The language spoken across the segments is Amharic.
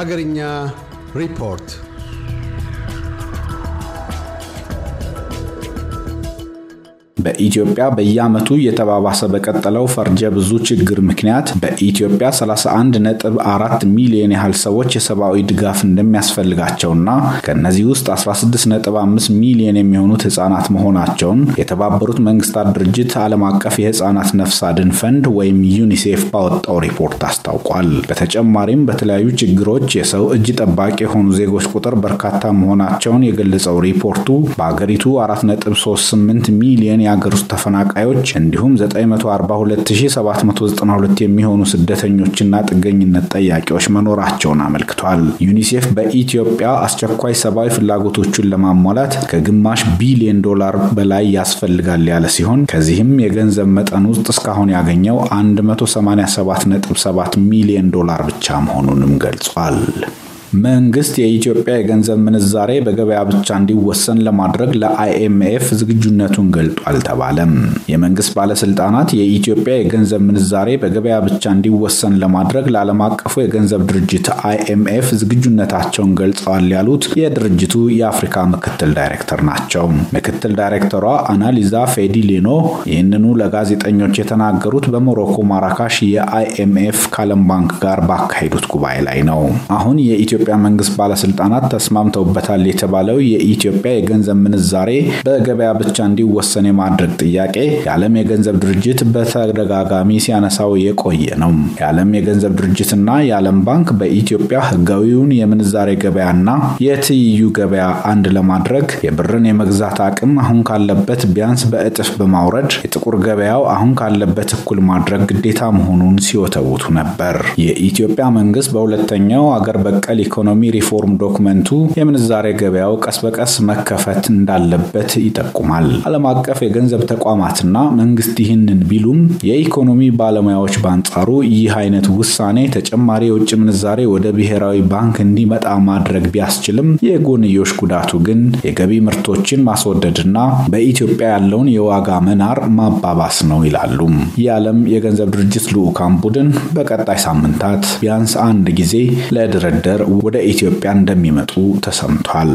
ሀገርኛ ሪፖርት በኢትዮጵያ በየዓመቱ እየተባባሰ በቀጠለው ፈርጀ ብዙ ችግር ምክንያት በኢትዮጵያ 31.4 ሚሊዮን ያህል ሰዎች የሰብአዊ ድጋፍ እንደሚያስፈልጋቸውና ከእነዚህ ውስጥ 16.5 ሚሊዮን የሚሆኑት ህጻናት መሆናቸውን የተባበሩት መንግስታት ድርጅት ዓለም አቀፍ የህጻናት ነፍስ አድን ፈንድ ወይም ዩኒሴፍ ባወጣው ሪፖርት አስታውቋል። በተጨማሪም በተለያዩ ችግሮች የሰው እጅ ጠባቂ የሆኑ ዜጎች ቁጥር በርካታ መሆናቸውን የገለጸው ሪፖርቱ በአገሪቱ 4.38 ሚሊዮን የአገር ውስጥ ተፈናቃዮች እንዲሁም 942792 የሚሆኑ ስደተኞችና ጥገኝነት ጠያቂዎች መኖራቸውን አመልክቷል። ዩኒሴፍ በኢትዮጵያ አስቸኳይ ሰብአዊ ፍላጎቶቹን ለማሟላት ከግማሽ ቢሊዮን ዶላር በላይ ያስፈልጋል ያለ ሲሆን ከዚህም የገንዘብ መጠን ውስጥ እስካሁን ያገኘው 187.7 ሚሊዮን ዶላር ብቻ መሆኑንም ገልጿል። መንግስት የኢትዮጵያ የገንዘብ ምንዛሬ በገበያ ብቻ እንዲወሰን ለማድረግ ለአይኤምኤፍ ዝግጁነቱን ገልጧል ተባለም። የመንግስት ባለስልጣናት የኢትዮጵያ የገንዘብ ምንዛሬ በገበያ ብቻ እንዲወሰን ለማድረግ ለዓለም አቀፉ የገንዘብ ድርጅት አይኤምኤፍ ዝግጁነታቸውን ገልጸዋል ያሉት የድርጅቱ የአፍሪካ ምክትል ዳይሬክተር ናቸው። ምክትል ዳይሬክተሯ አናሊዛ ፌዲሊኖ ይህንኑ ለጋዜጠኞች የተናገሩት በሞሮኮ ማራካሽ የአይኤምኤፍ ከዓለም ባንክ ጋር ባካሄዱት ጉባኤ ላይ ነው። አሁን የኢትዮ የኢትዮጵያ መንግስት ባለስልጣናት ተስማምተውበታል የተባለው የኢትዮጵያ የገንዘብ ምንዛሬ በገበያ ብቻ እንዲወሰን የማድረግ ጥያቄ የዓለም የገንዘብ ድርጅት በተደጋጋሚ ሲያነሳው የቆየ ነው። የዓለም የገንዘብ ድርጅትና የዓለም ባንክ በኢትዮጵያ ህጋዊውን የምንዛሬ ገበያና የትይዩ ገበያ አንድ ለማድረግ የብርን የመግዛት አቅም አሁን ካለበት ቢያንስ በእጥፍ በማውረድ የጥቁር ገበያው አሁን ካለበት እኩል ማድረግ ግዴታ መሆኑን ሲወተውቱ ነበር። የኢትዮጵያ መንግስት በሁለተኛው አገር በቀል የኢኮኖሚ ሪፎርም ዶክመንቱ የምንዛሬ ገበያው ቀስ በቀስ መከፈት እንዳለበት ይጠቁማል። ዓለም አቀፍ የገንዘብ ተቋማትና መንግስት ይህንን ቢሉም የኢኮኖሚ ባለሙያዎች በአንጻሩ ይህ አይነት ውሳኔ ተጨማሪ የውጭ ምንዛሬ ወደ ብሔራዊ ባንክ እንዲመጣ ማድረግ ቢያስችልም የጎንዮሽ ጉዳቱ ግን የገቢ ምርቶችን ማስወደድና በኢትዮጵያ ያለውን የዋጋ መናር ማባባስ ነው ይላሉ። የዓለም የገንዘብ ድርጅት ልዑካን ቡድን በቀጣይ ሳምንታት ቢያንስ አንድ ጊዜ ለድርድር ወደ ኢትዮጵያ እንደሚመጡ ተሰምቷል።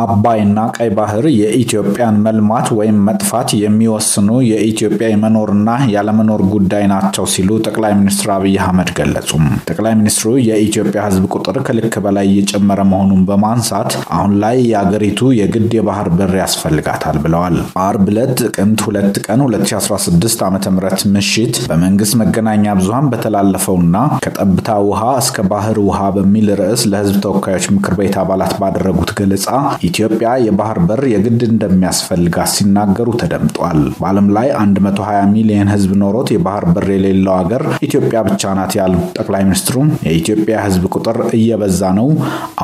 አባይና ቀይ ባህር የኢትዮጵያን መልማት ወይም መጥፋት የሚወስኑ የኢትዮጵያ የመኖርና ያለመኖር ጉዳይ ናቸው ሲሉ ጠቅላይ ሚኒስትር አብይ አህመድ ገለጹ። ጠቅላይ ሚኒስትሩ የኢትዮጵያ ሕዝብ ቁጥር ከልክ በላይ እየጨመረ መሆኑን በማንሳት አሁን ላይ የአገሪቱ የግድ የባህር በር ያስፈልጋታል ብለዋል። አርብ ዕለት ጥቅምት ሁለት ቀን 2016 ዓ ም ምሽት በመንግስት መገናኛ ብዙሃን በተላለፈውና ከጠብታ ውሃ እስከ ባህር ውሃ በሚል ርዕስ ለሕዝብ ተወካዮች ምክር ቤት አባላት ባደረጉት ገለጻ ኢትዮጵያ የባህር በር የግድ እንደሚያስፈልጋት ሲናገሩ ተደምጧል። በዓለም ላይ 120 ሚሊዮን ህዝብ ኖሮት የባህር በር የሌለው አገር ኢትዮጵያ ብቻ ናት ያሉት ጠቅላይ ሚኒስትሩም የኢትዮጵያ ህዝብ ቁጥር እየበዛ ነው።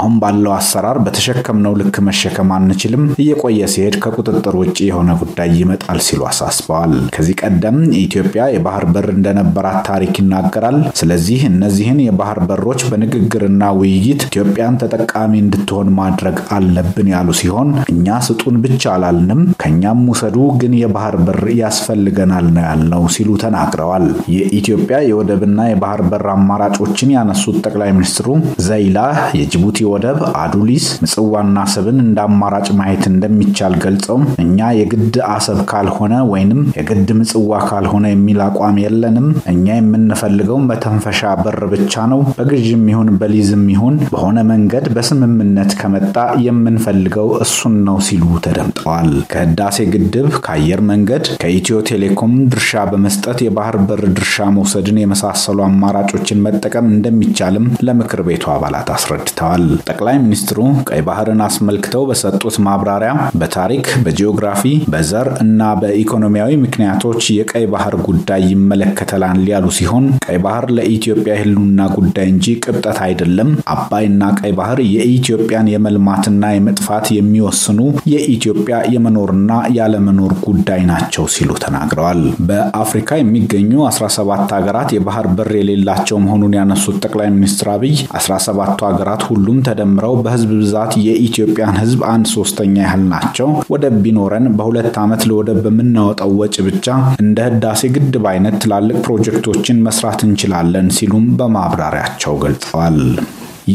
አሁን ባለው አሰራር በተሸከምነው ልክ መሸከም አንችልም። እየቆየ ሲሄድ ከቁጥጥር ውጭ የሆነ ጉዳይ ይመጣል ሲሉ አሳስበዋል። ከዚህ ቀደም ኢትዮጵያ የባህር በር እንደነበራት ታሪክ ይናገራል። ስለዚህ እነዚህን የባህር በሮች በንግግርና ውይይት ኢትዮጵያን ተጠቃሚ እንድትሆን ማድረግ አለብን ስጡን ያሉ ሲሆን እኛ ስጡን ብቻ አላልንም፣ ከእኛም ውሰዱ፣ ግን የባህር በር ያስፈልገናል ነው ያልነው ሲሉ ተናግረዋል። የኢትዮጵያ የወደብና የባህር በር አማራጮችን ያነሱት ጠቅላይ ሚኒስትሩ ዘይላ፣ የጅቡቲ ወደብ፣ አዱሊስ፣ ምጽዋና ስብን እንደ አማራጭ ማየት እንደሚቻል ገልጸው እኛ የግድ አሰብ ካልሆነ ወይንም የግድ ምጽዋ ካልሆነ የሚል አቋም የለንም። እኛ የምንፈልገው መተንፈሻ በር ብቻ ነው። በግዥም ይሁን በሊዝም ይሁን በሆነ መንገድ በስምምነት ከመጣ የምንፈልገው የምንፈልገው እሱን ነው ሲሉ ተደምጠዋል። ከህዳሴ ግድብ፣ ከአየር መንገድ፣ ከኢትዮ ቴሌኮም ድርሻ በመስጠት የባህር በር ድርሻ መውሰድን የመሳሰሉ አማራጮችን መጠቀም እንደሚቻልም ለምክር ቤቱ አባላት አስረድተዋል። ጠቅላይ ሚኒስትሩ ቀይ ባህርን አስመልክተው በሰጡት ማብራሪያ በታሪክ በጂኦግራፊ በዘር እና በኢኮኖሚያዊ ምክንያቶች የቀይ ባህር ጉዳይ ይመለከተላል ያሉ ሲሆን ቀይ ባህር ለኢትዮጵያ የህልውና ጉዳይ እንጂ ቅብጠት አይደለም። አባይና ቀይ ባህር የኢትዮጵያን የመልማትና የመጥፋ ልፋት የሚወስኑ የኢትዮጵያ የመኖርና ያለመኖር ጉዳይ ናቸው ሲሉ ተናግረዋል። በአፍሪካ የሚገኙ 17 ሀገራት የባህር በር የሌላቸው መሆኑን ያነሱት ጠቅላይ ሚኒስትር አብይ 17ቱ ሀገራት ሁሉም ተደምረው በህዝብ ብዛት የኢትዮጵያን ህዝብ አንድ ሶስተኛ ያህል ናቸው። ወደብ ቢኖረን በሁለት ዓመት ለወደብ በምናወጣው ወጪ ብቻ እንደ ህዳሴ ግድብ አይነት ትላልቅ ፕሮጀክቶችን መስራት እንችላለን ሲሉም በማብራሪያቸው ገልጸዋል።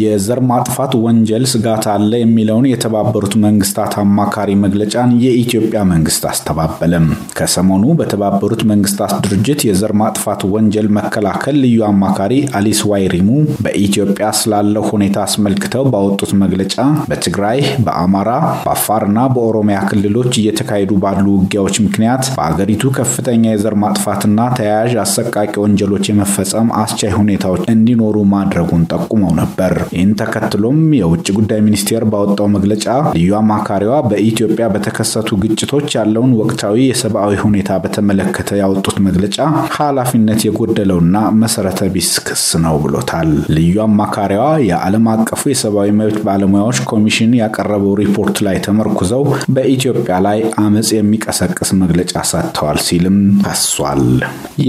የዘር ማጥፋት ወንጀል ስጋት አለ የሚለውን የተባበሩት መንግስታት አማካሪ መግለጫን የኢትዮጵያ መንግስት አስተባበለም። ከሰሞኑ በተባበሩት መንግስታት ድርጅት የዘር ማጥፋት ወንጀል መከላከል ልዩ አማካሪ አሊስ ዋይሪሙ በኢትዮጵያ ስላለው ሁኔታ አስመልክተው ባወጡት መግለጫ በትግራይ፣ በአማራ፣ በአፋርና በኦሮሚያ ክልሎች እየተካሄዱ ባሉ ውጊያዎች ምክንያት በአገሪቱ ከፍተኛ የዘር ማጥፋትና ተያያዥ አሰቃቂ ወንጀሎች የመፈጸም አስቻይ ሁኔታዎች እንዲኖሩ ማድረጉን ጠቁመው ነበር። ይህን ተከትሎም የውጭ ጉዳይ ሚኒስቴር ባወጣው መግለጫ ልዩ አማካሪዋ በኢትዮጵያ በተከሰቱ ግጭቶች ያለውን ወቅታዊ የሰብአዊ ሁኔታ በተመለከተ ያወጡት መግለጫ ኃላፊነት የጎደለውና መሰረተ ቢስ ክስ ነው ብሎታል። ልዩ አማካሪዋ የዓለም አቀፉ የሰብአዊ መብት ባለሙያዎች ኮሚሽን ያቀረበው ሪፖርት ላይ ተመርኩዘው በኢትዮጵያ ላይ አመፅ የሚቀሰቅስ መግለጫ ሰጥተዋል ሲልም ከሷል።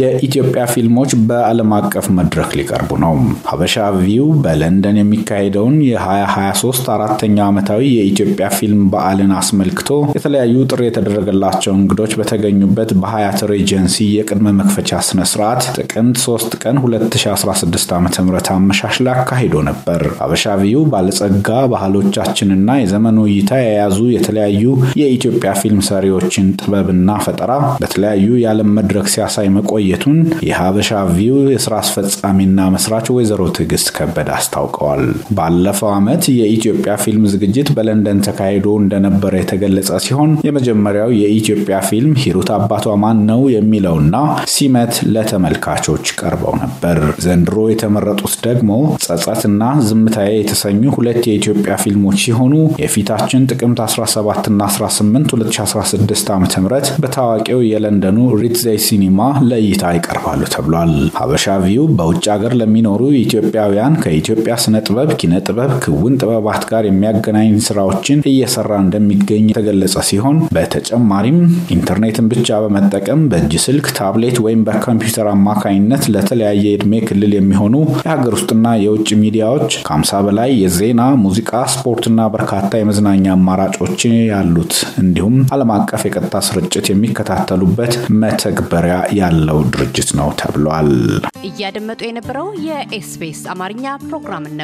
የኢትዮጵያ ፊልሞች በዓለም አቀፍ መድረክ ሊቀርቡ ነው። ሀበሻ ቪው በለንደን የሚካሄደውን የ2023 አራተኛው ዓመታዊ የኢትዮጵያ ፊልም በዓልን አስመልክቶ የተለያዩ ጥሪ የተደረገላቸው እንግዶች በተገኙበት በሀያት ሬጀንሲ የቅድመ መክፈቻ ስነስርዓት ጥቅምት 3 ቀን 2016 ዓ ም አመሻሽ ላይ አካሂዶ ነበር። አበሻቪው ባለጸጋ ባህሎቻችንና የዘመኑ እይታ የያዙ የተለያዩ የኢትዮጵያ ፊልም ሰሪዎችን ጥበብና ፈጠራ በተለያዩ የዓለም መድረክ ሲያሳይ መቆየቱን የሀበሻ ቪው የስራ አስፈጻሚና መስራች ወይዘሮ ትዕግስት ከበደ አስታውቀዋል። ተናግረዋል። ባለፈው ዓመት የኢትዮጵያ ፊልም ዝግጅት በለንደን ተካሂዶ እንደነበረ የተገለጸ ሲሆን የመጀመሪያው የኢትዮጵያ ፊልም ሂሩት አባቷ ማን ነው የሚለውና ሲመት ለተመልካቾች ቀርበው ነበር። ዘንድሮ የተመረጡት ደግሞ ጸጸትና ዝምታዬ የተሰኙ ሁለት የኢትዮጵያ ፊልሞች ሲሆኑ የፊታችን ጥቅምት 17ና 18 2016 ዓ ም በታዋቂው የለንደኑ ሪትዘይ ሲኒማ ለእይታ ይቀርባሉ ተብሏል። ሀበሻ ቪው በውጭ ሀገር ለሚኖሩ ኢትዮጵያውያን ከኢትዮጵያ ስነ ከስነ ጥበብ፣ ኪነ ጥበብ፣ ክውን ጥበባት ጋር የሚያገናኝ ስራዎችን እየሰራ እንደሚገኝ የተገለጸ ሲሆን በተጨማሪም ኢንተርኔትን ብቻ በመጠቀም በእጅ ስልክ፣ ታብሌት ወይም በኮምፒውተር አማካኝነት ለተለያየ እድሜ ክልል የሚሆኑ የሀገር ውስጥና የውጭ ሚዲያዎች ከ50 በላይ የዜና፣ ሙዚቃ፣ ስፖርትና በርካታ የመዝናኛ አማራጮች ያሉት እንዲሁም አለም አቀፍ የቀጥታ ስርጭት የሚከታተሉበት መተግበሪያ ያለው ድርጅት ነው ተብሏል። እያደመጡ የነበረው የኤስፔስ አማርኛ ፕሮግራም ነው።